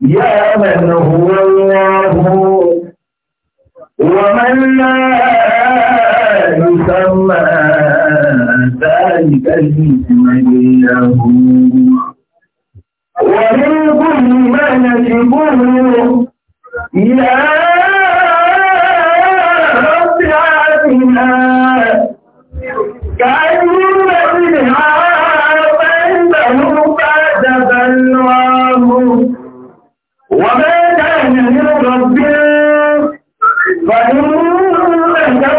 يا من هو الله ومن لا يسمى ذلك الاسم له ومن كل ما نجبه يا Wàdúrú ẹ̀jẹ̀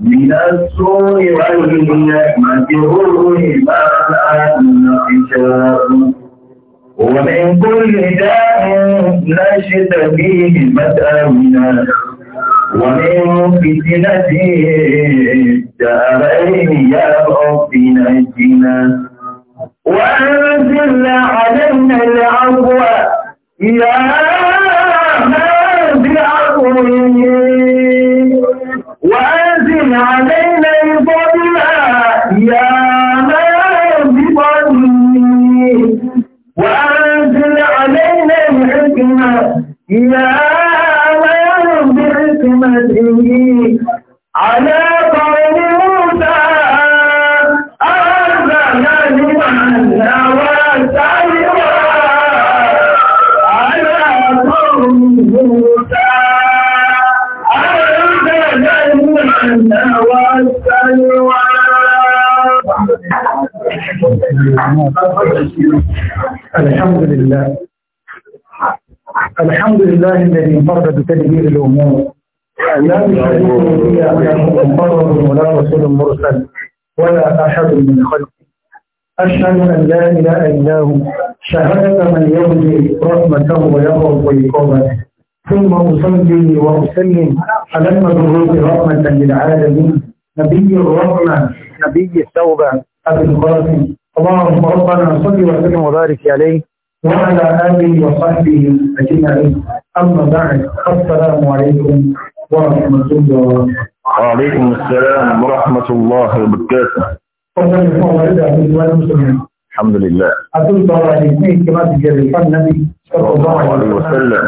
من السوء والنعمة أولي الأنعام ومن كل داء نشد نشتكيه متأمنا ومن فتنة الدارين يا رب نجنا وأنزل علينا العفو يا من بعفوه الحمد لله الحمد لله الذي فرد بتدبير الأمور لا بشريك لي أنه مقرر ولا رسول مرسل ولا أحد من خلقه أشهد أن لا إله إلا هو شهادة من يرجي رحمته ويرضى ويقومه ثم أصلي وأسلم على المبعوث رحمة للعالمين نبي الرحمة نبي التوبة أبي القاسم اللهم ربنا صل وسلم وبارك عليه وعلى آله وصحبه أجمعين أما بعد السلام عليكم ورحمة الله وعليكم السلام ورحمة الله وبركاته الحمد لله أقول طبعا الاثنين كما تجري النبي صلى الله عليه وسلم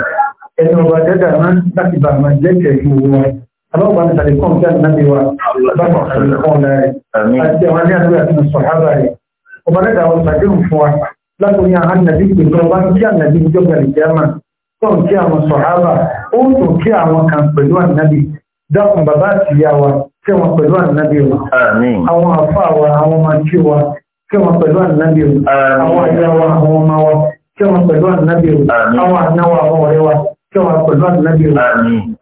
إنه بدأ من تكبر من جده هو ربنا تعليكم كان النبي وبركة القول آمين أتواني من الصحابة ọba dẹ́dà àwọn ìpàdéhùn fún wa látòrí àwọn nàbí pẹ̀lú ọba kí ànàbí ìjọba ìjẹ́mà tọ́n kí àwọn sọ̀hábà ó ń tò kí àwọn kan pẹ̀lú ànàbí dákun bàbá àti ìyá wa kí wọn pẹ̀lú ànàbí o àwọn àfa wa àwọn ọmọ kí wa kí wọn pẹ̀lú ànàbí o àwọn àyà wa àwọn ọmọ wa kí wọn pẹ̀lú ànàbí o àwọn àna wa àwọn ọ̀rẹ́ wa kí wọn pẹ̀lú ànàbí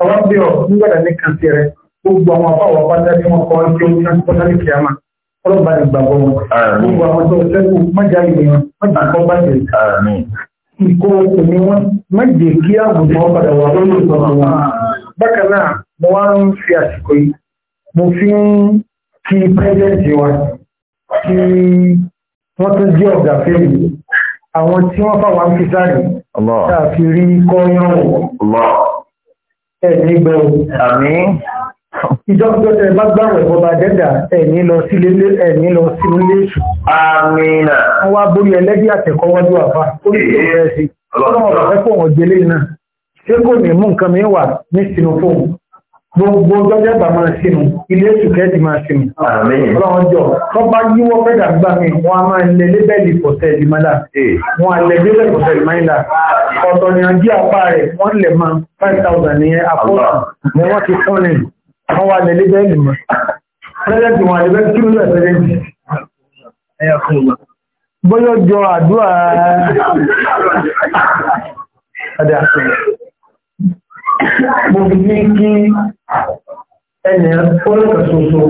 o àwọn bí ọ nígbàdàn ní kan sí rẹ gbogbo àwọn àfa wa pátá tí wọn kọ́ ọ́ ọlọ́ba ní gbàgbọ́ wọn. Gbogbo àwọn tó ṣẹ́kù mọ́jà ìwé wọn, mọ́jà kọ́ bàjẹ́. Ìkó òní wọn, mọ́jẹ̀ kí àgùntàn wọn padà wà lórí ìtọ́nà wọn. Bákan náà, mo wá ń fi àsìkò yìí, mo fi ń kí pẹ́sẹ̀ǹtì wa kí wọ́n tún tí wọ́n fà wá ń fi sáré, tá rí kọ́ yán wọ̀. Ẹ̀ẹ́dẹ́gbẹ̀rún. Àmín ìjọ́kùjọ́tẹ̀ bá gbàrọ̀ ìbọba dẹ́dà ẹ̀ní lọ sí lélé ẹ̀ní lọ sí nílé èṣù. àmìnà. wọ́n wá borí ẹlẹ́bí àtẹ̀kọ́ wájú àfà ó lè tó bẹ̀rẹ̀ sí. ọlọ́run ọ̀rọ̀ fẹ́ fún ọ̀jẹ̀lé náà ṣé kò ní mú nǹkan mi wà ní sínú fóun gbogbo ọjọ́jẹ́ bá máa sínú ilé èṣù kẹ́ẹ̀dì máa sínú. ọlọ́run jọ tó bá yíwọ́ fẹ́dà gbà mí wọ́n á máa lẹ lébẹ́lì pọ̀tẹ́ẹ̀lì mọ́lá wọ́n á lẹ lébẹ́lì pọ̀tẹ́ẹ̀lì mọ́lá ọ̀tọ̀ five thousand ní apọ́ọ̀tù ni wọ́n ti fún àwọn wà nílé bẹ́ẹ̀lì mọ́ pẹ́lẹ́tì wọn àdébẹ́ kí ló pẹ́lẹ́tì bọ́yọ́ jọ àdúrà ọ̀dà mo fi ní kí ẹni ọlọ́kà ṣoṣo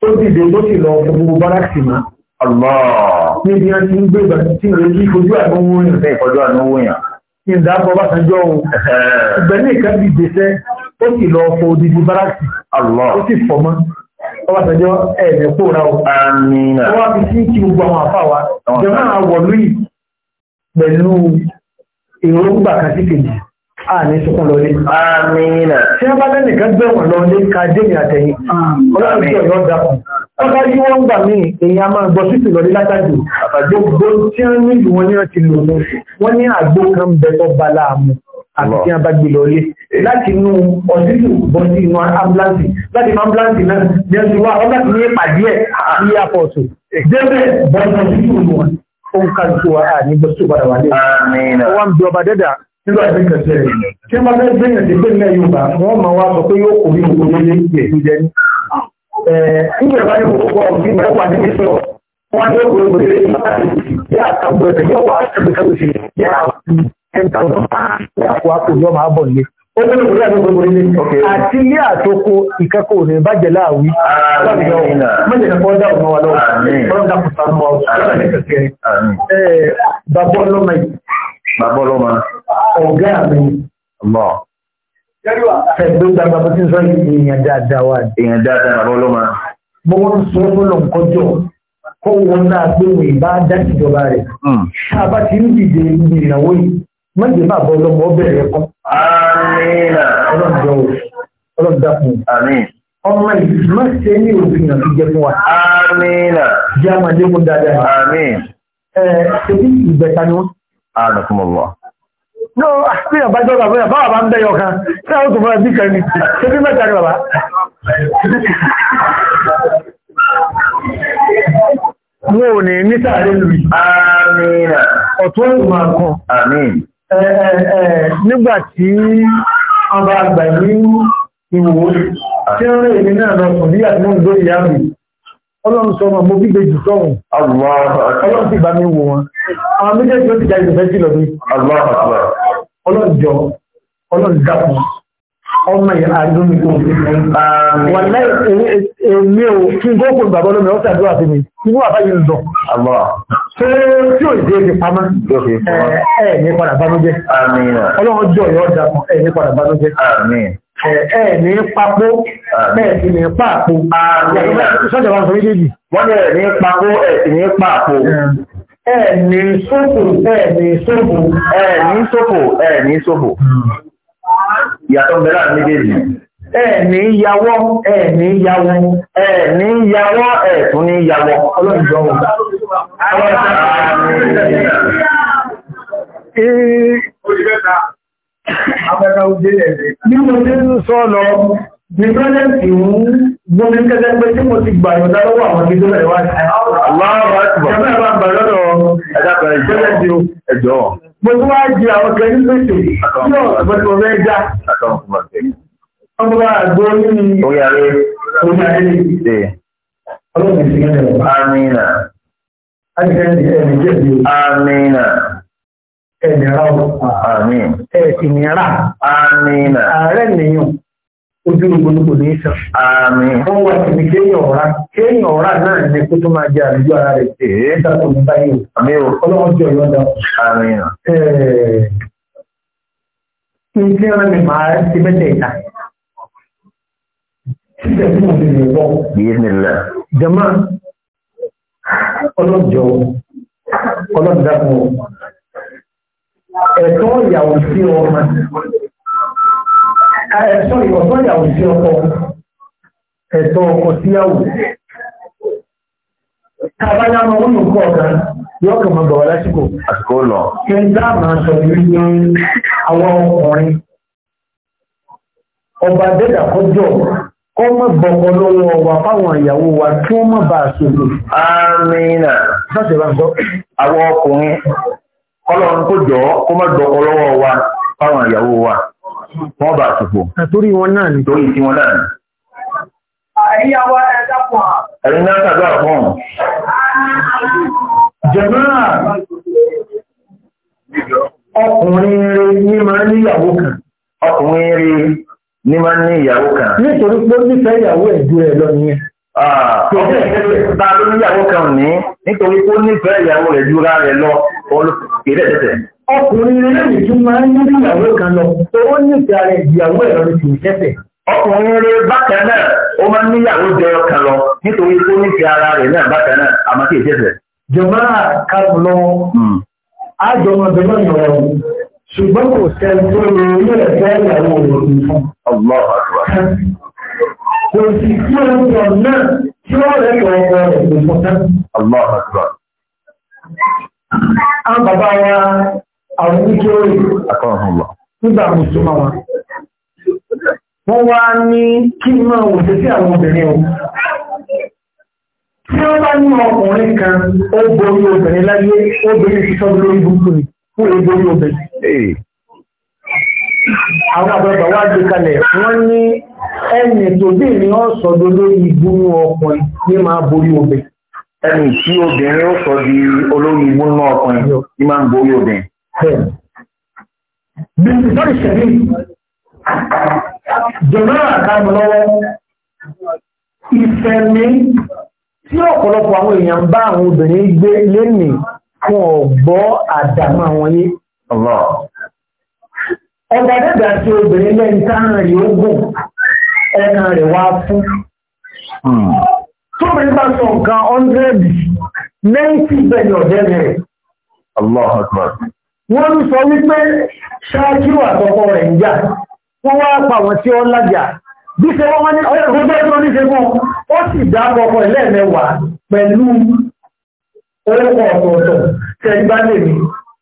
tó dìde tó sì lọ gbogbo bárakì mọ́ níbi wọn ti ń gbé ìgbà tí ìrẹ́ yí ojú àdúgbò yẹn ìdábọ̀ bá sanjọ́ ohun ìgbẹ́ ní ìkàbí ìgbésẹ́ ó sì lọ fọ odidi báràkì ó sì fọ mọ́ ọbátẹjọ́ ẹ̀ẹ̀mẹ̀ pòórá o wọ́n wá fi sí kí gbogbo àwọn àfà wa jẹ́ máa wọ̀ lóyìn pẹ̀lú èròǹgbà kan sí kejì àní sọ́kún lọlé. Amina. Tí a bá lẹ́nì kan gbẹ̀wọ̀n lọlé ka débi àtẹ̀yìn. Ọlọ́run tí ọ̀yọ́ dàpọ̀. Ọba yí wọ́n gbà mí èèyàn a máa gbọ́ sípì lọlé látàjù. Gbogbo tí wọ́n ní ìlú wọn ní ọtí lò mú. Wọ́n ní àgbo kan bẹ tó ba láàmú. Àti tí a bá gbé lọlé. Láti inú ọ̀sítù bọ́ sí inú ambulance. Láti inú ambulance náà ní ọtí wa ọba ti ní ìpàdé ẹ̀ ní airport. Débẹ̀ bọ́ sí ọ̀sítù wọn. Ó ń kájú wa à ní gbọ́sọ̀ padà wálé. Wọ́n ń bí nígbà tí kò tẹ̀ tí wọ́n fẹ́ gbẹ̀yàn sí pé ilẹ̀ Yorùbá wọ́n máa wá sọ pé yóò kò ní òkú lóye ìgbè tó jẹ ní. nígbà tí wọ́n kọ́ ọ̀gbìn ìgbà wà ní ìṣọ̀ wọ́n yóò kó lóye ìgbè tó jẹ ní. yóò wá ẹgbẹ̀rún sí yàrá ten thousand pounds yóò Owó ìwòrí àti gbogbo ilé. Àti ilé àtoko ìkẹ́kọ̀ọ́ ní bàjẹ́ láàwí. Mọ́jẹ̀ kẹ́kọ̀ọ́ dá ọ̀nà wa lọ́wọ́. Ọlọ́dà kò sá mọ́ Bàbá ọlọ́mọ yìí. Bàbá ọlọ́mọ. Ọ̀gá mi. Fẹ̀gbẹ́ gbàgbà bó ti ń sọ èèyàn dáadáa wà. Èèyàn dáadáa bàbá ọlọ́mọ méje bá bọ́ ọlọ́mọ ọbẹ̀rẹ̀ kọ́. ọlọ́dàkùn ọmọ yìí má ṣe ní òfin àti jẹ fún wa. jẹ́ àmà lékún dáadáa. ṣèbí ìgbẹ̀ta ni wọ́n. No, bí ọba jọ bàbá yà báwa bá ń bẹ́yọ̀ kan, tí àwọn tó fọ́nà bí kan ní, ṣe bí mẹ́ta ni bàbá. Wọ́n ò ní ní sáré lùi. Ọ̀tún ìmọ̀ kan nígbàtí ọba àgbà ní ìwò tí ó rẹ̀ ní náà lọ sùn níyà tí wọ́n lórí àmì ọlọ́run sọ ọmọ gbígbé jù sọ́hùn ọlọ́run sì bá mi wò wọn àwọn méjèèjì ó ti jà ìfẹ́ sí lọ́dún ọlọ́run jọ ọlọ́run dákun ọmọ àdúmìkò wà láì èmi ò kí n kó kò bàbá ọlọ́run ọ̀sẹ̀ àdúrà sí mi inú àbáyé ń dọ̀ tó tí ò dé ní pamọ́ ẹ ní padà bánújẹ́ ọlọ́run jọ yọ ọjà kan ẹ ní padà bánújẹ́ ẹ ní papó bẹ́ẹ̀ sì ní pàpó sọ́jà wọn sọ méjèèjì. wọ́n ní ẹ ní papó ẹ sì ní pàpó. ẹ ní sófò ẹ ní sófò. ẹ ní sófò ẹ ní sófò. ìyàtọ̀ bẹ́ẹ̀ láti méjèèjì ẹ̀ẹ̀ni yàwọ́ ẹ̀ẹ̀ni yàwọ́ ẹ̀ẹ̀ni yàwọ́ ẹ̀ẹ̀tún ní yàwọ́ ọlọ́run jọ wọn. Ní mo ní ń sọ lọ, ní pẹ́lẹ̀tì ń gbọ́n ní kẹ́kẹ́ pé tí mo ti gbà yọ̀dá lọ́wọ́ àwọn ibi tó rẹ̀ wá sí. Aláwọ̀ àtìbọ̀. Ṣé mẹ́rin bá ń bà lọ́dọ̀ ẹ̀dàpẹ̀ ìpẹ́lẹ̀tì ẹjọ́. Mo tún wá jí àwọn kẹ́lí pèsè tí ọ̀sẹ̀ tó fẹ́ já. Ọmọ bá àgbó ní orí àrẹ. Orí àrẹ. Ọlọ́run ti Amina. Ẹ̀dẹ̀ra ọ̀. Amin. Ẹ̀sìnira. Amina. Ààrẹ nìyàn ojú gbogbo ní ìsàn. Amin. Wọ́n wà ní kéèyàn ọ̀rá. Kéèyàn ọ̀rá náà ní kó tó máa jẹ àríjú ara rẹ̀. Èé. Ìdàkùn ní báyìí. Àmín o. Ọlọ́run jẹ́ ọ̀yọ́ dá. Amin. Ǹjẹ́ wọn ni màá ti bẹ́tẹ̀ ìta? ọlọ́jọ́ ọlọ́dàkùn ẹ̀tọ́ ìyàwó sí ọmọ ẹ̀tọ́ ìwọ̀tọ́ ìyàwó sí ọkọ ẹ̀tọ́ ọkọ síyàwó tàbáyá ọmọ wọn nǹkan ọ̀gá yóò kàn máa bọ̀ wá lásìkò àsìkò lọ kí n dá máa sọ ní ní àwọn ọkùnrin ọba dẹ́dà kọjọ́ kọ́ mọ́ bọ̀kọ̀ lọ́wọ́ wa fáwọn ìyàwó wa kí wọ́n mọ́ bá aṣòlò. amina sọ́sẹ̀ bá ń sọ àwọn ọkùnrin kọ́lọ́run kó jọ kó mọ́ bọ̀kọ̀ lọ́wọ́ wa fáwọn ìyàwó wa wọ́n bá aṣòfò. àtórí wọn náà ni. torí tí wọn náà ni. àríyáwó ẹ dákun à. ẹ̀yin náà ṣàdúrà fún un. jẹ̀mọ́ ọkùnrin rẹ̀ ní máa níyàwó kan. ọkùnrin rẹ̀ ní máa ń ní ìyàwó kan. nítorí pé ó nífẹ̀ẹ́ ìyàwó ẹ̀ ju ẹ̀ lọ nìyẹn. ta ló níyàwó kan ní nítorí pé ó nífẹ̀ẹ́ ìyàwó rẹ̀ ju ra rẹ̀ lọ kéde tẹ̀tẹ̀. ọkùnrin rẹ̀ lè tún máa ń ní ìyàwó kan lọ owó nífẹ̀ẹ́ rẹ̀ ìyàwó ẹ̀ lọ ní kìí tẹ̀tẹ̀. ọkùnrin rẹ̀ bákan náà ó máa ń níyàwó jẹyọ kan lọ nítorí pé ó nífẹ̀ẹ́ ara rẹ̀ náà bákan náà àmọ́ kìí tẹ̀tẹ̀. jọ̀mọ́ àkàlọ́ hmm. àjọmọ̀ ṣùgbọ́n kò tẹ́jọ́ ní ilé ẹ̀fẹ́ ìyàwó òòrùn fún kò sì tí ó ń sọ náà tí ó rẹ̀ kọ̀ ọkọ̀ rẹ̀ kò fún tán. a bàbá wa àwọn nítorí nígbà mùsùlùmá wa wọ́n wá ní kí máa wò sí sí àwọn obìnrin o tí wọ́n bá ní ọkùnrin kan ó borí obìnrin láyé obìnrin ti sọ́dún lórí búkú ni fún èdè orí obìnrin. Àwọn àgbàgbà wá gbé kalẹ̀, wọ́n ní ẹni tó bí ní ọ̀sọ̀ dodo ìgbónú ọkùnrin ní máa borí obìnrin. Ẹni tí obìnrin ó sọ di olórí ìgbónú ọkùnrin ní máa ń borí obìnrin. Bíbí sọ́rì ṣẹ̀lí, jọ̀mọ́rà àkàmù lọ́wọ́, ìfẹ̀mí tí ọ̀pọ̀lọpọ̀ àwọn èèyàn bá àwọn obìnrin gbé lénìí wọn ò gbọ́ àdàmọ́ wọn yé. ọ̀gá dàgbà tí obìnrin lẹ́yìn táwọn rẹ̀ ó gùn ẹ̀ka rẹ̀ wá fún. Hmm. tóbìnrin bá sọ nǹkan ọ́ndẹ́ẹ̀dì ninety bẹ́ẹ̀ ni ọ̀dẹ́ rẹ̀. wọ́n ń sọ wípé ṣáájú àtọ́kọ rẹ̀ ń jà wọ́n wá pa wọn tí ó lájà bí ṣe wọ́n wá ní ọ̀rẹ́ ìgbẹ́jọ́ tó ní ṣe fún ó sì dá ọkọ rẹ̀ lẹ́ẹ̀mẹ́wàá pẹ̀lú orúkọ ọ̀tọ̀ọ̀tọ̀ tẹ gbá lè ní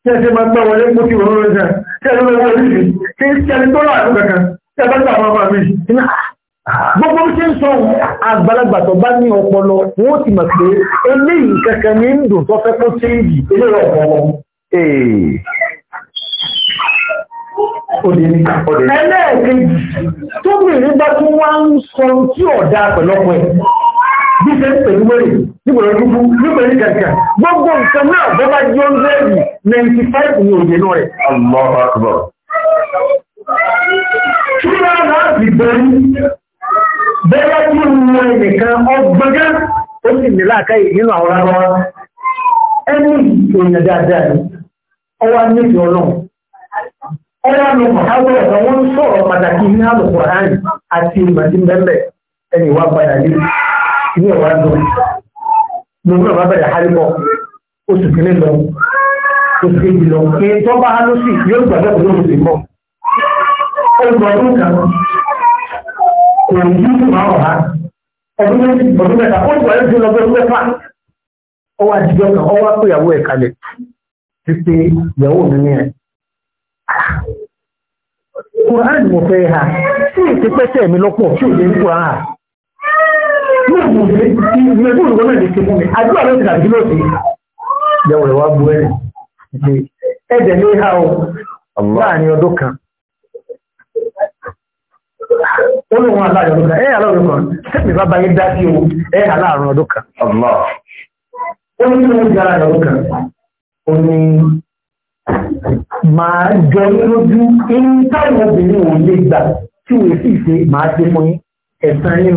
tí ẹ ṣe máa gbá wọlé kó tí wọ́n rẹ̀ tí ẹ lọ́wọ́ oríṣi tí ẹni tó rà kankan tí ẹ bá gbà máa máa mi gbogbo ṣe ń sọ àgbàlagbà tó bá ní ọpọlọ wọn ó ti mọ̀ pé eléyìí kankan ní ń dùn tó fẹ́ kó ṣe yìí eléyìí ọpọlọ. ẹlẹ́ẹ̀kejì tóbìnrin bá tún wá ń sọ tí ọ̀dà pẹ̀lọ́pọ̀ ẹ̀ bí ṣe ń pẹ̀lú wẹ́rẹ̀ nígbèrè dúdú kẹ̀kẹ́ gbogbo nǹkan náà bọ́bá jí ó ń 95 ní òye náà rẹ̀. Allahu Akbar. kí náà láti bẹ̀rù bẹ́ẹ̀ mọ ẹnìkan ọgbọ́gá ó sì ní láàkáyè nínú àwọn ará wa dáadáa ni ọlọ́run ọ̀sán sọ̀rọ̀ pàtàkì ní àlùkò àárín àti ìmọ̀ ní ọ̀wá dùn mo náà bá bẹ̀rẹ̀ hálíkọ̀ oṣù kìíní lọ oṣù kejì lọ kí n tọ́ bá hánú sí yóò gbàgbé òun lóṣù tó mọ̀ ọgbọ̀n ọdún kan kò ní kí n máa wà ọdún ọdún mẹ́ta ó ti wà lọ bẹ́ẹ̀ mẹ́fà ọwọ́ àtijọ́ kan ọwọ́ pé ìyàwó ẹ̀ kalẹ̀ pípé ìyàwó mi ní ẹ̀ Kùránì mo fẹ́ ha tí ìtẹ́pẹ́tẹ́ mi lọ́pọ̀ tí ò lè ń Kùránì yóò mú mi ìgbìmọ̀ tó olùkọ́ náà lè ṣe fún mi àdúrà ló ti dàbí lóòsì ìjẹun rẹ̀ wá bu ẹ̀rẹ̀ ẹ̀jẹ̀ ní ha o láàrin ọdún kan ó lóun aláàrin ọdún kan ẹ̀ aláàrin kan sẹ́mi bá bá yín dá sí o ẹ̀ aláàrin ọdún kan ó ní lóun di aláàrin ọdún kan ó ní máa jọ yín lójú ní táwọn obìnrin ò lè gbà tí wọ́n sì ṣe máa ṣe fún ẹ̀sán yín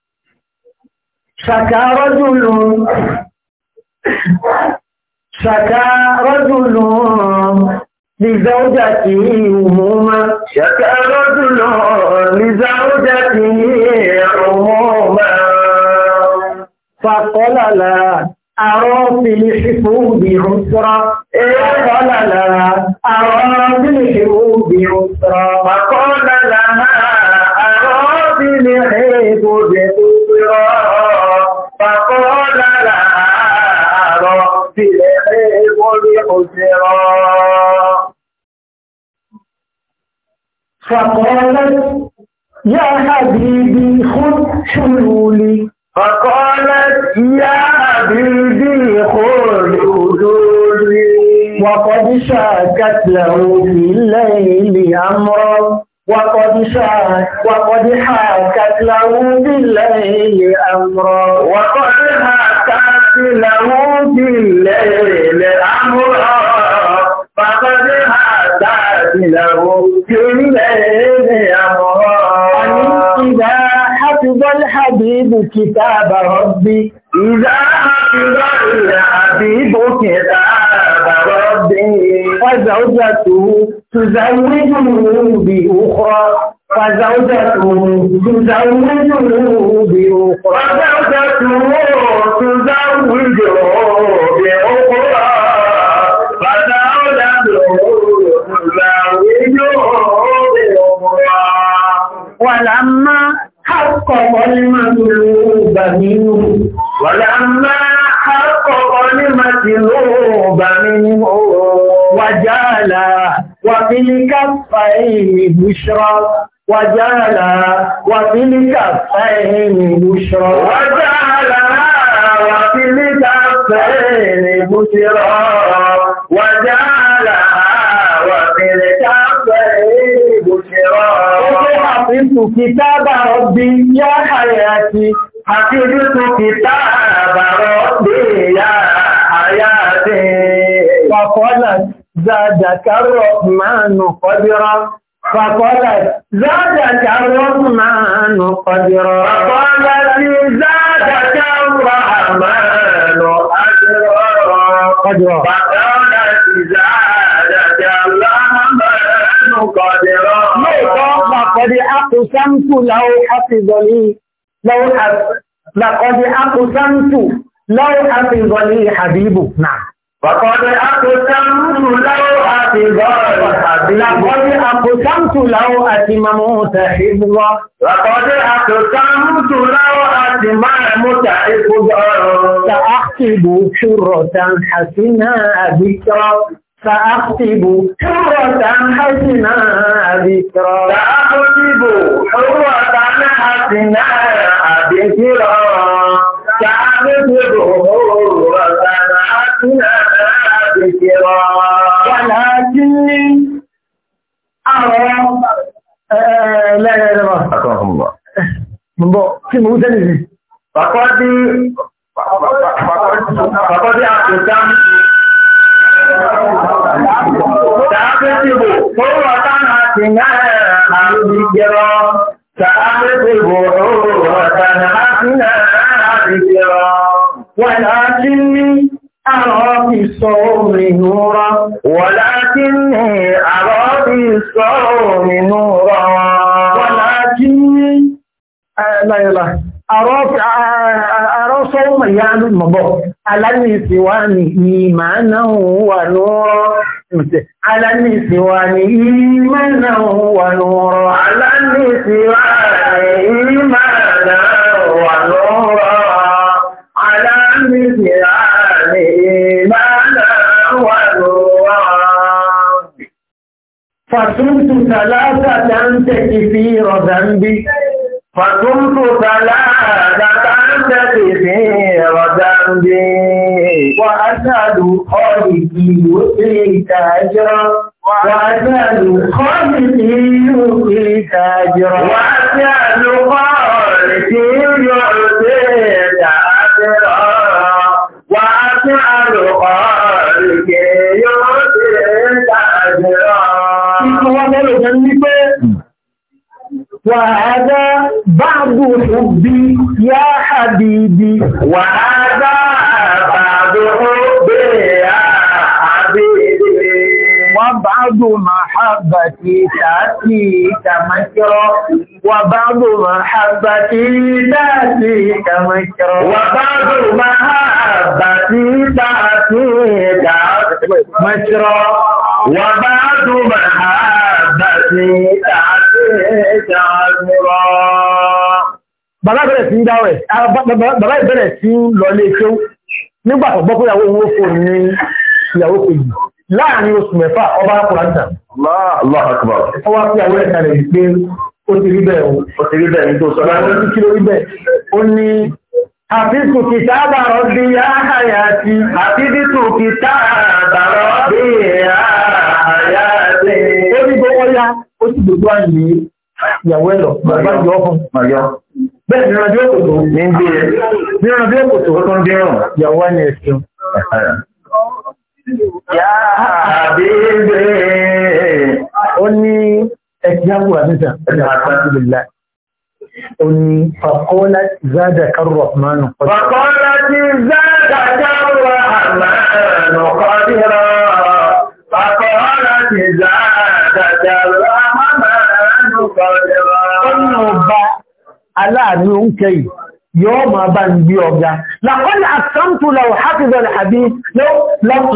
ṣàkà rọ́jùlù ṣàkà rọ́jùlù لزوجته عموما شكا رجل لزوجته عموما فقال لا أرى في الحفوظ عسرا فقال لا أرى في الحفوظ عسرا فقال لا فقالت حقق كلمة الغلوب منه ولما حقق كلمة الغلوب منه وجالا وفي الكفين بشرى وجالا وفي الكفين بشرى وجالا وفي الكفين بشرى وجالا tó kìtàbà rọ̀bì yá àyàtì àti ojú tó kìtàbà rọ̀bì yá àyàtì. Fàkọ́lá zádàkà rọ̀mánù kọ́dírọ́. Fàkọ́lá zádàkà rọ̀mánù kọ́dírọ́. Fàkọ́lá tí zádàkà rọ̀mánù kọ́dírọ́. Fàkọ́lá tí zádàkà àkùsántù láwọ́ àfìgọ̀lì lọ́kọ̀dé àkùsántù láwọ́ àfìgọ̀lì àbíbù náà. Wàkọ̀dé àkùsántù láwọ́ àfìgọ̀lì àbíbù. Làkọ̀dé àkùsántù láwọ́ àti mamú tàhíbùwọ́. Wàkọ̀dé àkùsántù láwọ́ àti mamú tàhíbùwọ́. Tàhíbù ṣúrọ̀ tàn àti náà àbíkọ́. سأخطب حرة حسنا ذكرى سأخطب حرة حسنا ذكرى سأخطب حرة حسنا ذكرى ولكني أرى لا لا لا أكرمكم الله من بو كم هو تنزل فقد فقد فقد أعطيتم تعبتب قوة حسناء عن ذكرى تعبتب قوة حسناء عن ذكرى ولكني أرى في الصوم نورا ولكني أرى في الصوم نورا ولكني لا إله أرى sọ́wọ́mọ̀ ya ló mọ̀ bọ̀ aláníṣìwá ni ìmánà wà lóòrọ̀ aláníṣìwá ni ìmánà wà lóòrọ̀ aláníṣìwá ni ìmánà wà lóòrọ̀ aláníṣìwá ni ìmánà wà lóòrọ̀ fàtúntù tàlátà tàǹtẹ̀ ìfì rọ̀dàmbí fàtúntù tàlátà تبذير ذنبي وأسأل خالقي يعطيك أجرا وأسأل خالقي يعطيك أجرا وأسأل خالقي يعطيك أجرا وأسأل خالقي يعطيك أجرا وهذا بعض حبي يا حبيبي وهذا بعض حبي يا حبيبي وبعض محبتي تأتي كمكرة وبعض محبتي تأتي كمكرة وبعض محبتي تأتي كمكرة وبعض محبتي تأتي Bàbá bẹ̀rẹ̀ sí ń dáwẹ̀, bàbá ìbẹ̀rẹ̀ sí ń lọ lé ṣe nígbà tó gbọ́ pé ìyàwó owó ní ìyàwó kejì. láàrin oṣù mẹ́fà, ọba Kùránìtà. Ọwá sí àwọn ẹ̀ka rẹ̀ pé ó ti rí bẹ́ẹ̀ o. ti rí bẹ́ẹ̀ ní tó sọ Ó gbogbo ya, ó ìyàwó ẹ̀ lọ bàbá yọ fún bẹ́ẹ̀ ní ọjọ́ òkòtò ní gbé e ní ọjọ́ òkòtò tó ń dẹ́rùn ìyàwó ẹni ẹ̀sìn. ó ní ẹ̀sìn àbúrò àbíjà ẹ̀sìn àbúrò ó ní fàkọ́lá zádà kárò rahmanu. fàkọ́lá ti fàkọ́lá zádà kárò Ọ̀nà ọba aláàrin oúnjẹ yìí yóò máa bá ń gbé ọgá. Làkọ́lẹ̀ àtàntù lọ́wọ́ hàtìzọ̀lẹ̀ àbí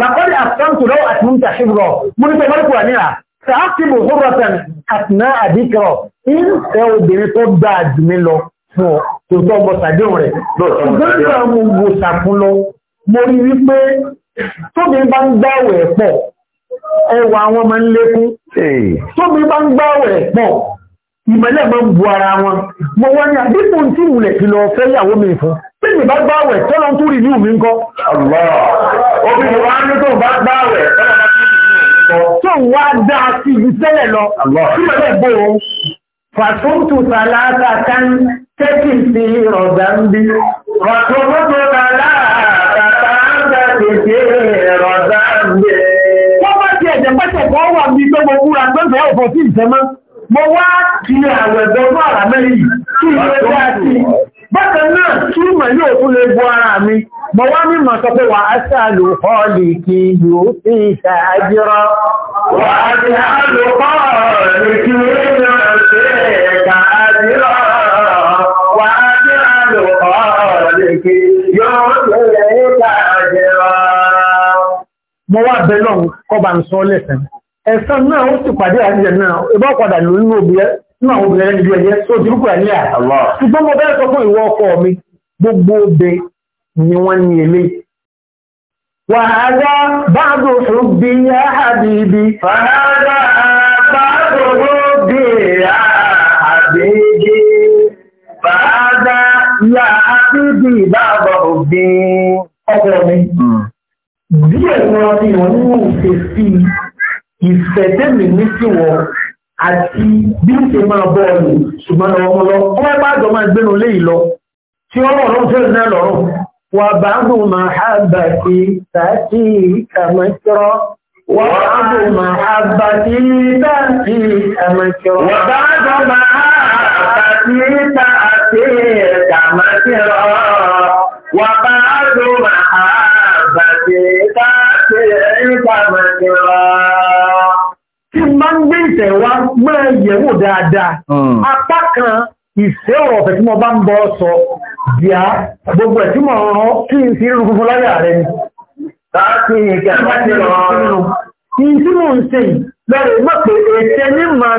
làkọ́lẹ̀ àtàntù lọ́wọ́ àti múta ṣíbrọ̀. Mú ní pẹ̀lú kùrà níra, sàákìbù húrọ̀tàn àtìná àdíkọ̀rọ̀. Ìfẹ́ obìnrin tó gbà jù mí lọ fún ọ tó tọ́ bọ́ sàdéhùn rẹ̀. Gbọ́dọ̀ mo ìmọ̀lẹ̀ mọ́ bu ara wọn mo wọ́n ní àdínkù tí ìwùlẹ̀ ti lọ fẹ́ yàwó mi fún tí mi bá gbáwẹ̀ tọ́lọ tó rí ní òmí ń kọ́ obìnrin wa ní tó bá gbáwẹ̀ tó ń wá dá sí ibi tẹ́lẹ̀ lọ ìmọ̀lẹ̀ bò ó fàtúntù sàlátà kan tẹ́kì sí rọ̀dà ń bí fàtúntù sàlátà kan tẹ́kì sí rọ̀dà ń bí. wọ́n bá ti ẹ̀jẹ̀ pẹ́sẹ̀ kan wà ilé àwẹ̀gbọ́ fún àrà mẹ́rin tí ilé dáa sí bákan náà kí mọ̀ yóò tún lè bu ara mi mọ̀ wá ní mọ̀ sọ pé wà á sàlù họ́ọ̀lì kí yóò fi ìṣàájírọ́ mo wá ń sọ nínú àwọn obìnrin níbi ẹ̀yẹ tó ti rúkọ̀ ṣùgbọ́n mo sọ fún ìwọ gbogbo obe ni wọ́n ní ilé ọkọ mi hmm. díẹ̀ wọ́n ti wọ́n sí ìfẹ́ tẹ́mi ní sí àti bí ń ṣe máa bọ́ ọ̀nà ṣùgbọ́n ọmọ lọ ọmọ ẹgbẹ́ àjọ máa gbénu lé ìlọ tí ọmọ ọ̀rọ̀ fẹ́ ní ẹlọ́rọ̀ wà bá gùn máa ha bà sí tàbí kàmẹ́kẹ́rọ́ wà bá gùn máa ha bà sí tàbí kàmẹ́kẹ́rọ́ wà bá gùn máa ha bà sí tàbí kàmẹ́kẹ́rọ́ wà bá gùn máa ha bà sí tàbí kàmẹ́kẹ́rọ́ ẹsẹ̀ wa máa yẹ̀wò dáadáa hmm. apá kan ìfẹ́ ọ̀rọ̀ ọ̀fẹ́ tí mo bá ń bọ́ sọ díá gbogbo ẹ̀ tí mo rán kí n fi rúrú fún láyà rẹ ni. láti ìkẹ́ àti ọ̀rọ̀ a ti ń ta màá ṣe ra. ọ̀rọ̀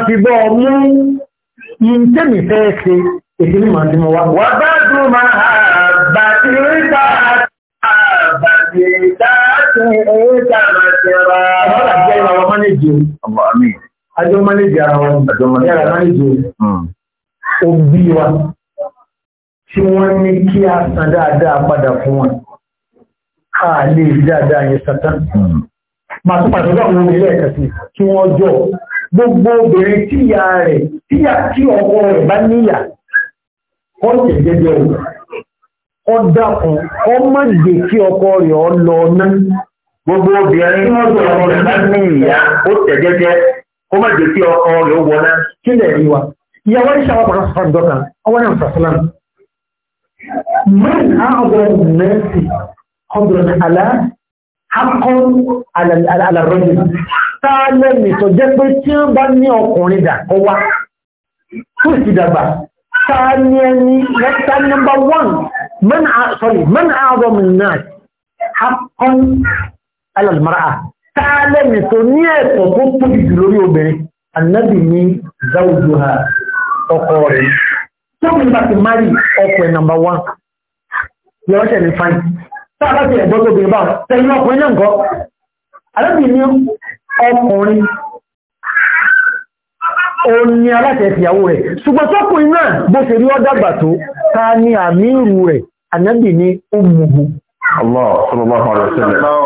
àjẹ́ ìwà wa máa ń ajọ́ mánéjì ara wọn ní ara mánéjì hmm. òbí wa tí wọ́n ní kí a san dáadáa padà fún wọn a lè rí dáadáa yẹn sátán máa hmm. tó pàtàkì àwọn ohun ilé ẹ̀kà sí kí wọ́n jọ gbogbo obìnrin tí ìyá rẹ̀ tí kí ọkọ rẹ̀ bá níyà kọ́ jẹ̀jẹ̀jẹ̀ o kọ́ dákun kọ́ má gbè kí ọkọ rẹ̀ ọ lọ ná gbogbo obìnrin tí wọ́n jọ ọkọ rẹ̀ bá ní ó tẹ̀jẹ̀jẹ̀ ó má jẹ́ kí ọkọ rẹ̀ ó wọná kí lè rí wa ìyàwó ní sáwọ́ pàtàkì sáfà dọ́ta ọwọ́ náà sàfàlà mẹ́rin àwọn mẹ́sì ọdún àlá akọ́ alàrọ́jì sáálẹ̀ nìtọ̀ jẹ́ pé tí wọ́n bá ní ọkùnrin dà kọ́ wá tó sì dàgbà sáálẹ̀ ẹni tààlẹ́mì tó ní ẹ̀tọ́ tó tóbi jù lórí obìnrin annabi ní zawjuha ọkọ rẹ̀ tó bá ti mari ọkọ nàmbà yọ ní fain tá a bá ti ẹ̀gbọ́ tó bèèrè bá tẹ̀yìn ọkùnrin náà nǹkan ní ọkùnrin aláṣẹ ìyàwó ṣùgbọ́n tọkùnrin náà bó ṣe rí tó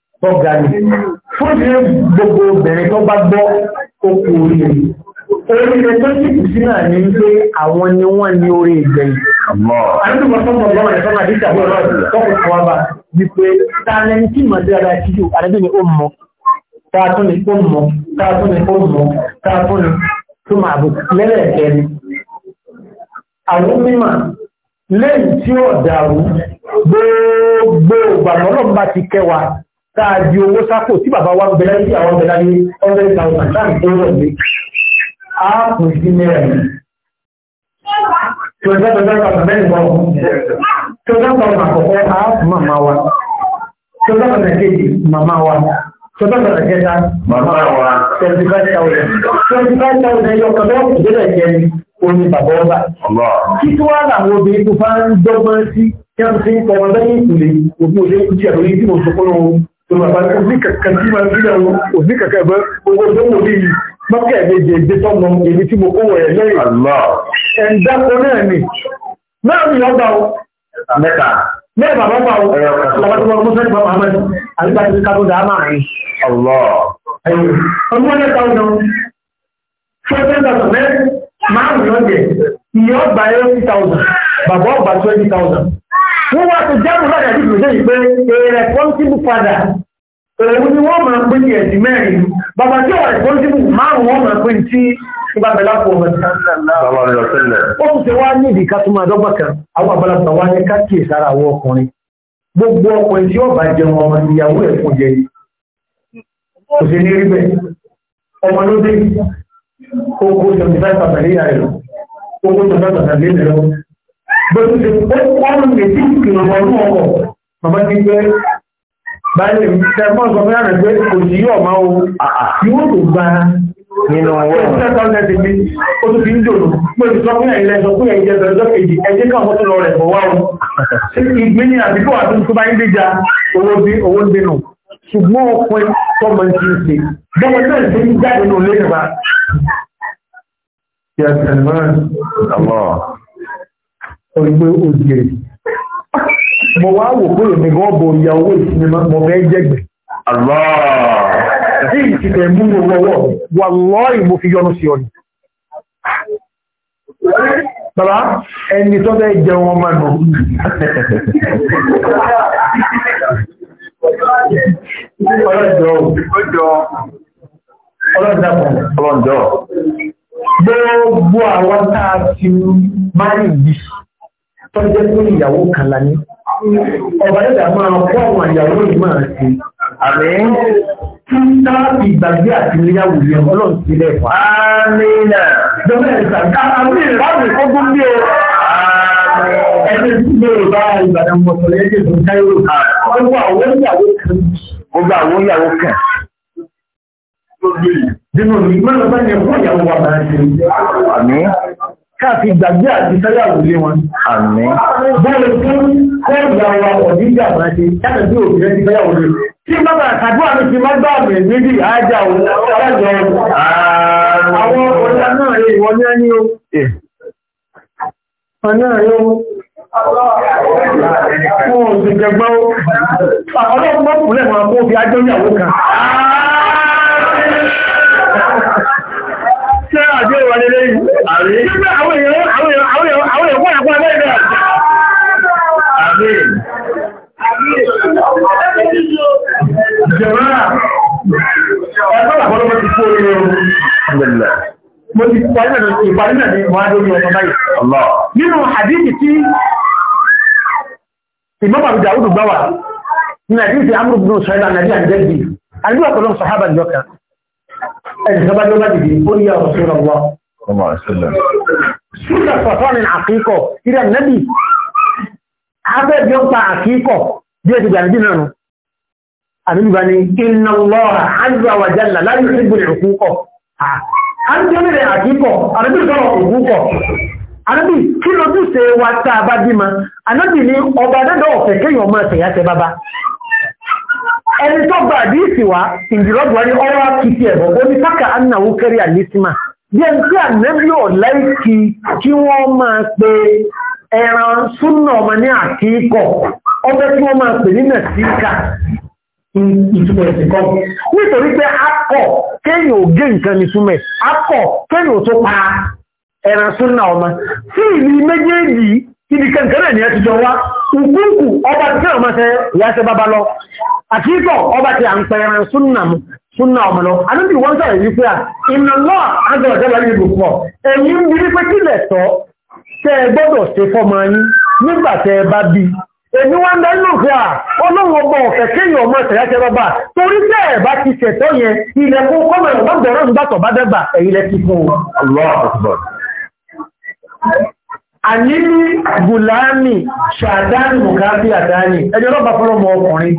tọ́gà ní fún ìdílé gbogbo obìnrin tó bá gbọ́ okò oríire oríire tó sì kù sí náà ní pé àwọn ni wọ́n ní orí ìgbẹ̀yìn àdúgbò sọ́mọ̀ lọ́wọ́ ẹ̀sọ́ náà dídà bọ́ lọ́wọ́ tọ́kù tó wá bá wípé ta ni ẹni tí màá dára sí ju àdúgbò ni ó mọ ta tún ni ó mọ ta tún ni ó mọ ta tún ni tó máa bù lẹ́lẹ̀kẹ́ni àwọn mímọ̀ lẹ́yìn tí ó dàrú gbogbo ìgbàlọ́lọ́ káàdì owó sápò tí bàbá wa gbẹ̀lá ní àwọn gbẹ̀lá ní hundred thousand láti tó rọ̀ ní áàpù sí mẹ́rin twenty five thousand thousand mẹ́rin mọ́ twenty five thousand àkọ́kọ́ áàpù màmá wa twenty five thousand kejì màmá wa twenty five thousand kẹta màmá wa twenty five thousand twenty five thousand yọ kọ́ lọ́wọ́ ìdílé ìjẹun oní bàbá ọba kí tí wàá làwọn obìnrin tó bá ń dọ́gbọ́n sí kí wọ́n ti ń kọ́ wọn lẹ́yìn ìpìlẹ̀ òbí òde kùtì àbúrí tí mo sọ fún wọn òní kẹ̀kẹ́ bẹ́ owó tó wò ní mọ́kẹ́ méje gbé tọ́mọ èmi tí mo kó wọ̀ ẹ̀ lẹ́yìn ẹ̀ǹdáko náà ni náà ni ọgbà o mẹ́ta mẹ́ta bàbá o ọba tó wọ́n mọ́sẹ́ ìbọn mohammed àríkà tí ká tó dáa máa rí ọmọ ẹ̀ káwọn fẹ́fẹ́ dàtọ̀ mẹ́ máa ń yọ jẹ ìyọ́ gba eighty thousand bàbá ọgbà twenty thousand wọ́n wá ti jáàmù láyà a responsible father òun ni wọ́n máa pín ní ẹ̀sìn mẹ́rin bàbá tí ó responsible márùn wọ́n máa pín tí nígbà pẹ̀lá fún ọmọ ó tún ṣe wá ní ìdí ká tún máa dọ́gba kan àwọn àgbàlagbà wá ní ká kí ìsára àwọn ọkùnrin gbogbo ọkùnrin tí ó bá jẹun ọmọ ìyàwó ẹ̀ fún jẹ kò sí ní rí bẹ́ẹ̀ ọmọ ló dé oko seventy five percent ní ìyá rẹ̀ lọ oko seventy five percent ní ìyá rẹ̀ lọ bẹ́ẹ̀ tún ṣe ó wọ́n lè tí ìkìlọ̀ ọmọ ọkọ̀ bàbá ti pé báyìí tẹ́gbọ́n sọ fẹ́ rẹ̀ pé kò sí yọ̀ máa o ah, ah. yóò tó gba nínú ọwọ́ rẹ̀ ṣe tọ́ lẹ́sìn bí ó tún fi ń dòdò pé ìsọ fún ẹ̀yìn lẹ́sọ fún ẹ̀yìn jẹ́sọ lọ́jọ́ kejì o ìgbé ní àdúgbò àti tó bá ń gbéjà owó bí owó ń dénú ṣùgbọ́n òpin tọ́mọ ti ń ṣe bọ́mọ náà ṣe ń jáde nínú ilé ìjọba. yàtọ̀ náà ó gbé òjì mo wá wò pé èmi gan bo ìyá owó ìsinmi mo fẹ́ jẹ́gbẹ̀. Tí ìsìnkẹ̀ mú mi wọ́wọ́ wà lọ́ọ̀ì mo fi yọnu sí ọ̀nì. Bàbá ẹni tó fẹ́ jẹun ọmọ nù. Ọlọ́jọ́ ọlọ́jọ́ gbogbo àwọn tá a ti máa ń yí tó jẹ́ pé ìyàwó kan la ní ọba dẹ́dà máa kọ́ àwọn àyàwó yìí máa ṣe àmì tí ń dá ìgbàgbé àti níyàwó yẹn ọlọ́run ti lẹ̀ wá. amínà. jọba ẹ̀sà ká àmì ìrábì kógún bí o. ẹni tí mo rò bá ìbàdàn mọ̀tọ̀lẹ́ ẹ̀jẹ̀ tó ń káyọ̀ gbogbo àwọn ìyàwó kan. gbogbo àwọn ìyàwó kan. Dínú mi, mọ́nà bá yẹ fún ìyàwó wa máa ṣe. Àmì káàfi gbàgbé àti sáyà òwúlé wọn. Àmín. Bọ́ọ̀lù fún kọ́ọ̀dà wa ọ̀díjà máa ṣe yàtọ̀ sí òbí rẹ̀ ti sáyà òwúlé. Tí àtàdúrà mi ti máa gbà mí méjì ájá o, ọ̀dájọ́ Àwọn ọ̀dà náà lè wọ́n ní ẹni o. Eh. Ọ̀nà yóò mú òṣìṣẹ́gbọ́. Ọlọ́run mọ́ àti ìwà nílé yìí. Àmì. Nígbà àwọn èèyàn àwọn èèyàn àwọn èèyàn àwọn èèyàn wọ́n àpá bẹ́ẹ̀ bẹ́ẹ̀. Àmì. Jẹ̀mọ́ ẹgbẹ́ àpọ̀lọpọ̀ ti kó orí ẹrù. Mo ti parí náà ti parí náà ní wọ́n á lórí ọmọ báyìí. Nínú àdíjì tí Imam Abu Dawud gbà wà, ní àdíjì Amr ibn Sa'id Nàìjíríà ń jẹ́ bíi, àdíjì ọ̀pọ̀lọpọ̀ sàhábà ìjọ kan. ẹ̀dùnkọ́bá ló bá dìde ó ọ̀rọ̀ sí ọ̀rọ̀ ṣúgbà sọ̀tọ́rin àkíkọ̀ ìrẹ̀ nẹ́bì afẹ́bí ó pa àkíkọ̀ bí ẹ̀tì gbàmìdì náà nù àbíbà ni iná lọ́ra azza òkúkọ̀ wa tá a bá ni ọba dẹ́dọ̀ ọ̀fẹ́ kéèyàn máa tẹ̀yà tẹ ẹni tó gba àdíìsì wá ìdìrọ́gbọ̀n ní ọwọ́ kìkì ẹ̀bọ̀ ó ní sáka annáwó kẹrí àlísímà bí ẹni tí ànẹ́bí ò láìkí kí wọ́n máa pe ẹran súnà ọmọ ní àkíkọ̀ ọbẹ̀ tí wọ́n máa pè ní mẹ̀síkà ìtumọ̀ ẹ̀sìn kan nítorí pé akọ̀ kéèyàn ò gé nǹkan ní súnmẹ̀ akọ̀ kéèyàn ò tó pa ẹran súnà ọmọ tí ìlú méjèèjì ibi kankan náà ni ẹ ti jọ wá nkúnkù ọba tí wọ́n máa fẹ́ ìyá àkíkọ̀ ọba ti à ń pẹ̀rẹ̀ súnnà mú súnnà ọmọlọ anúbì wọ́n sọ̀rọ̀ yìí pé à iná lọ́à ágbẹ̀rẹ̀ lórí ìlú pọ̀ èyí ń bí wípé kílẹ̀ tọ́ tẹ́ ẹ gbọ́dọ̀ ṣe fọ́mọ yín nígbà tẹ́ ẹ bá bí èmi wá ń bẹ nínú pé à ọlọ́run ọgbọ́ ọ̀fẹ́ kéèyàn ọmọ ẹ̀sẹ̀ yàtẹ̀ bàbá torí tẹ́ ẹ̀ bá ti ṣẹ̀tọ́ yẹn ilẹ̀ fún kọ́mọ ẹ̀rọ bá bẹ̀rẹ̀ ń gbàtọ̀ bá dẹ́gbà ẹ̀yìn lẹ́tí fún ọlọ́run àní ní gùlámì ṣàdánù mùkábí àdáni ẹjọ́ lọ́ba fọ́lọ́mọ ọkùnrin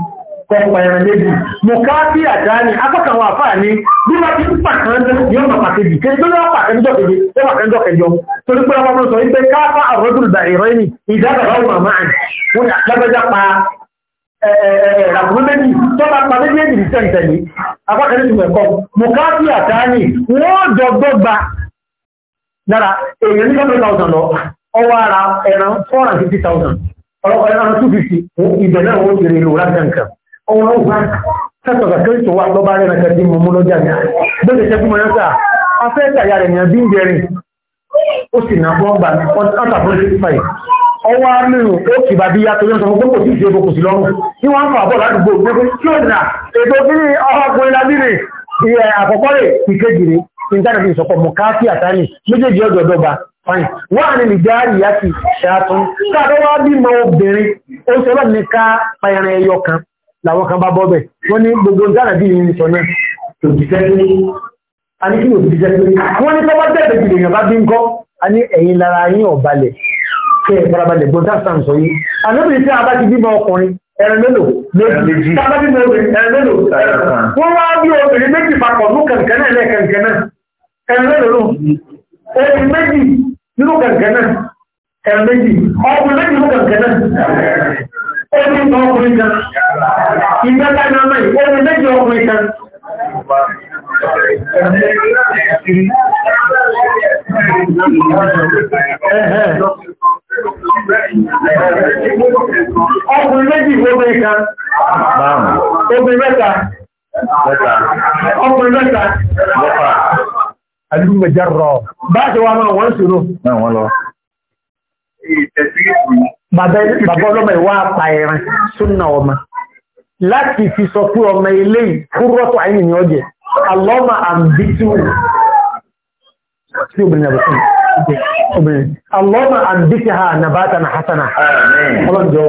ọ̀pọ̀ ẹ̀rẹ̀ méjì mo ká bí àdáni akọ́kànwà àfáà ní bí wá ti púpà kan yóò máa pàkejì kí tó lọ́pàá kẹjọ kejì ó wà kẹjọ kẹjọ torí pé ọmọ sọ wípé káfà àrọ́dùn ìdà ìrọ́ ẹni ìdábà bá wọn máa ń wọn lágbẹ́já pa ẹ̀ẹ̀rẹ̀ méjì tó bá pa méjì èdè tẹ̀ǹtẹ̀lé akọ́kẹ́lẹ́ ti mẹ́kọ́ mo ká bí àdáni wọ́n jọ dọ́gba lára èèyàn ní seven thousand lọ ọwọ́ ara ẹ̀ràn four and fifty thousand ọ̀rọ̀ ẹ̀ràn two fifty ìbẹ̀ náà wọ́n ti rí lò rájà nǹkan ọwọ́ ọgbà sẹ́tọ̀tà kẹ́rìtò wà lọ́bá rẹ̀ nàkà tí mọ̀mú lọ́jà ní bẹ́ẹ̀ tẹ́kù mọ̀ náà afẹ́ ìtàyà rẹ̀ yàn bí ń bẹ̀rẹ̀ ó sì nà bọ́ gbà látàbọ̀lẹ́sífàì ọwọ́ amírùn ó kì bá bí yàtọ̀ yọ́n sọmọ́ pẹ́kò tí ìṣe epo kò sí lọ́rùn tí wọ́n làwọn kan bá bọ́bẹ̀ wọ́n ní gbogbo dára bí ìrìn sọ náà tó jíṣẹ́ pé a ní kí ló jíṣẹ́ pé wọ́n ní tọ́wọ́ tẹ̀lé jùlọ èèyàn bá bí ń kọ́ a ní ẹ̀yìn lára yín ọ̀balẹ̀ kẹ́ ẹ̀ farabalẹ̀ gbọ́n tá sàn sọ yìí ànábìrì tí a bá ti bímọ ọkùnrin ẹran mélòó méjì tá a bá bímọ obìnrin ẹran mélòó wọ́n wá bí obìnrin méjì papọ̀ ní kàǹkẹ́ náà lẹ́ ó ní ọkùnrin kan ìgbẹ́ta ìnáwó ó ní méjì ọkùnrin kan ọkùnrin méjì obìnrin kan obìnrin mẹ́ta ọkùnrin mẹ́ta Àdúgbò jẹ́ rọ̀. Bá ṣe wá máa wọ́n ṣòro. Náà wọ́n lọ. Ìtẹ̀sí ìpùlù bàbá ọlọ́mọ ìwà apá ẹran súnà ọmọ láti fi sọ pé ọmọ ilé ìfúrọ́tọ̀ àyìn ni ọjẹ́ alọ́mà àmbítúwù sí obìnrin àbùkù obìnrin alọ́mà àmbítí ha nàbátà na hasana ọlọ́jọ́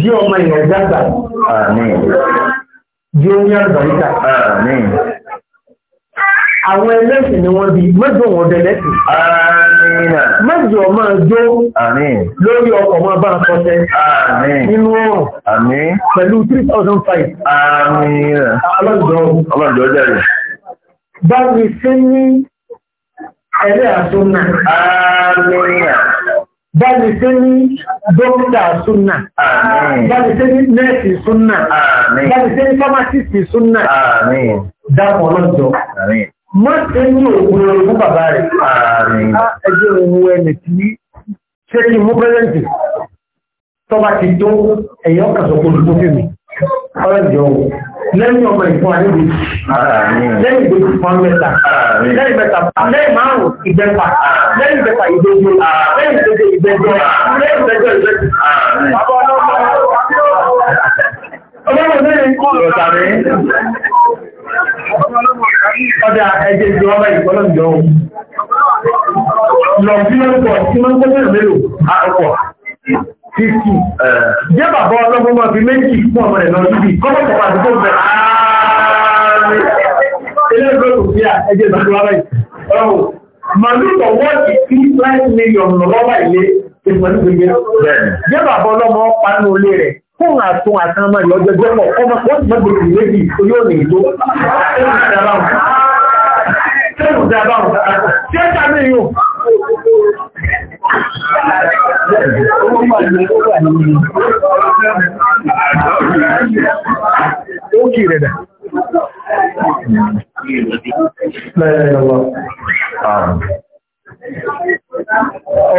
jí ọmọ ìyàjáta jí ó ní àrùbáríkà àwọn ẹlẹ́sìn ni wọ́n bí mẹ́jọ wọn dẹ̀lẹ́sìn. mẹ́jọ máa jó lórí ọkọ̀ máa bá àkọsẹ́ Àmín. nínú ọ̀rùn Àmín. pẹ̀lú 3005. Àmín. ọlọ́dọ̀ jẹ́rì. bá mi sí ní ẹ̀rẹ́ àtúnà. Àmín. bá mi ní dókítà súnà. Àmín. bá mi ní nẹ́ẹ̀sì súnà. Àmín. bá mi ní fámásìsì súnà. Àmín. dáàbò Mọ́tẹ́ ní òkú orí fún bàbá rẹ̀. Ẹjọ́ ìwọ ẹni tí ṣé kí mú pẹ́lẹ́ǹtì tọ́ba ti tó ẹ̀yọ́ kàṣọ́kọ́ olùkó fèmí. Ọ̀rẹ́ ìjọ ohun. Lẹ́yìn ọmọ ìfún àníbi. Lẹ́yìn ìgbésí fún mẹ́ta. Lẹ́yìn mẹ́ta. Lẹ́yìn márùn ìgbẹ́fà. Lẹ́yìn ìgbẹ́fà ìgbẹ́jọ. Lẹ́yìn ìgbẹ́jọ ìgbẹ́jọ. Lẹ́yìn ìgbẹ́jọ ìgbẹ́jọ. Ọlọ́run mẹ́rin kọ́ Ọjà ẹjẹ́ ìjọ ọba ìkọlọ́njọ́ ohun. Lọ sí ọkọ̀ tí wọ́n gbọ́dọ̀ mélòó àkọ́kọ̀ títí. Jẹ́ bàbá ọlọ́gbọ́n máa fi méjì fún ọmọ ẹ̀ lọ síbi kọ́kọ́ kọ̀ọ̀kọ̀ àti tó bẹ̀rẹ̀. Ilé ìgbẹ́ kò sí à ẹjẹ́ ìjọ ọba ìkọlọ́njọ́. Màlúù kọ̀ wọ́ọ̀kì tí láì mílíọ̀nù lọ́wọ́ ilé ìpínlẹ̀ Jẹ́ bàbá ọlọ́mọ panú ilé rẹ̀ fún àtún àtàn ọmọ ìlọ́jọ́ jẹ́pọ̀ ọmọ wọ́n ti mọ́gbèrè méjì tó yóò ní ìlú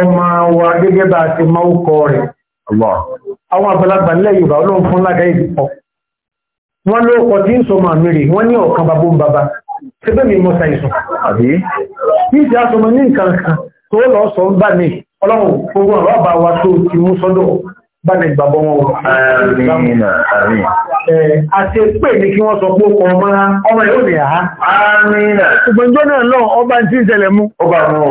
Ọmọ wa gẹ́gẹ́ bá ti mọ́ ọkọ rẹ̀ àwọn àgbàlagbà nílẹ̀ Yorùbá olóhùn fún lága ìdìpọ̀ wọ́n ló kọ tí ń sọ máa mèrè wọ́n ní ọ̀kan babó ń baba ṣẹgbẹ́ mi mọ́ ṣàìsàn ní ti aṣọ mọ́ ní nǹkan kan tó lọ sọ ń bà ní ọlọ́run gbogbo àwọn àbá wa tó ti mú sọ́dọ̀ bá ní ìgbàgbọ́ wọn wọ̀ àti pé ní kí wọ́n sọ pé ọmọ ọmọ ìhòòdì àá ṣùgbọ́n jọ́nà náà ọba